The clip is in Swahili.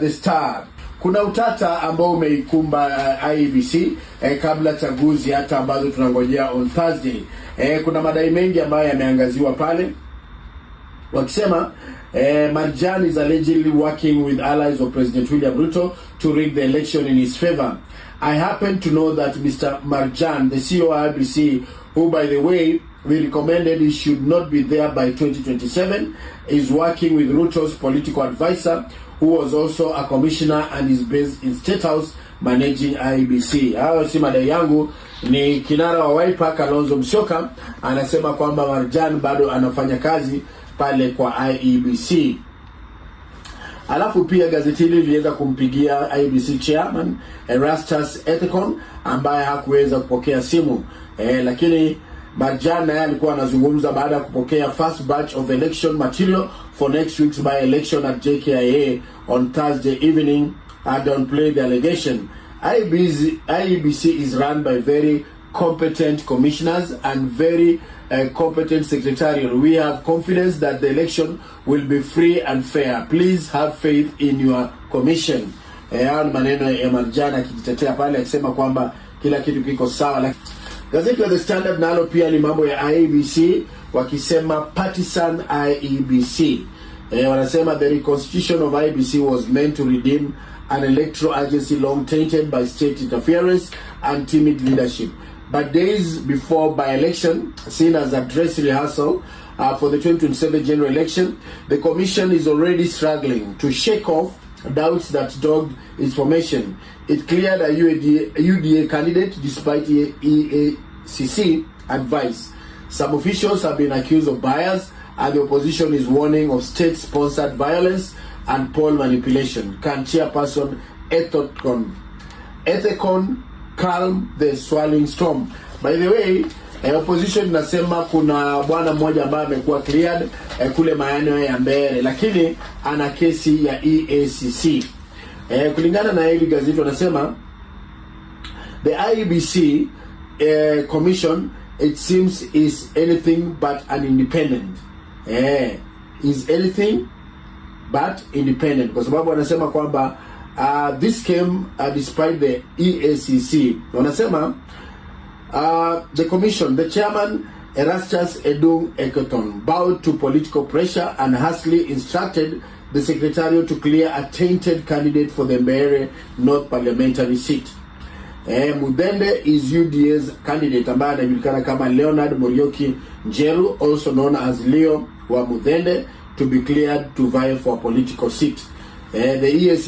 The Star. Kuna utata ambao umeikumba eh, IEBC eh, kabla chaguzi hata ambazo tunangojea on Thursday. Eh, kuna madai mengi ambayo yameangaziwa pale wakisema eh, Marjan is allegedly working with allies of President William Ruto to rig the election in his favor. I happen to know that Mr. Marjan, the CEO of IEBC, who by the way we recommended he should not be there by 2027 is working with Ruto's political advisor who was also a commissioner and is based in State House managing IBC. Hayo si madai yangu, ni kinara wa Wiper Kalonzo Musyoka anasema kwamba Marjan bado anafanya kazi pale kwa IEBC. Alafu pia gazeti hili liliweza kumpigia IBC e chairman Erastus Ethekon ambaye hakuweza kupokea simu eh, lakini Bajan naye alikuwa anazungumza baada ya kupokea first batch of election material for next week's by election at JKIA on Thursday evening and on play the allegation IBC, IEBC is run by very competent commissioners and very uh, competent secretarial. We have confidence that the election will be free and fair. Please have faith in your commission. Eh, hayo eh, maneno ya Marjana akijitetea pale akisema kwamba kila kitu kiko sawa. Gazeti la The Standard nalo pia ni mambo ya IEBC wakisema partisan IEBC. Eh, wanasema the reconstitution of IEBC was meant to redeem an electoral agency long tainted by state interference and timid leadership. But days before by-election, seen as a dress rehearsal uh, for the 2027 general election, the commission is already struggling to shake off doubts that dogged its formation. It cleared a UDA candidate despite EACC advice. Some officials have been accused of bias, and the opposition is warning of state sponsored violence and poll manipulation. Can chairperson Ethicon, Ethicon calm the swirling storm? By the way, E, opposition nasema kuna bwana mmoja ambaye amekuwa cleared e, kule maeneo ya mbele, lakini ana kesi ya EACC. E, eh, kulingana na hili gazeti wanasema the IBC eh, commission it seems is anything but an independent eh, is anything but independent kwa sababu wanasema kwamba uh, this came uh, despite the EACC wanasema Uh, the commission, the chairman, Erastus Edung Ekoton, bowed to political pressure and hastily instructed the secretariat to clear a tainted candidate for the Mbeere North parliamentary seat. Eh, Mudende is UDA's candidate ambaye anajulikana kama Leonard Morioki Njeru, also known as Leo wa Mudende, to be cleared to vie for a political seat. Eh, the EAC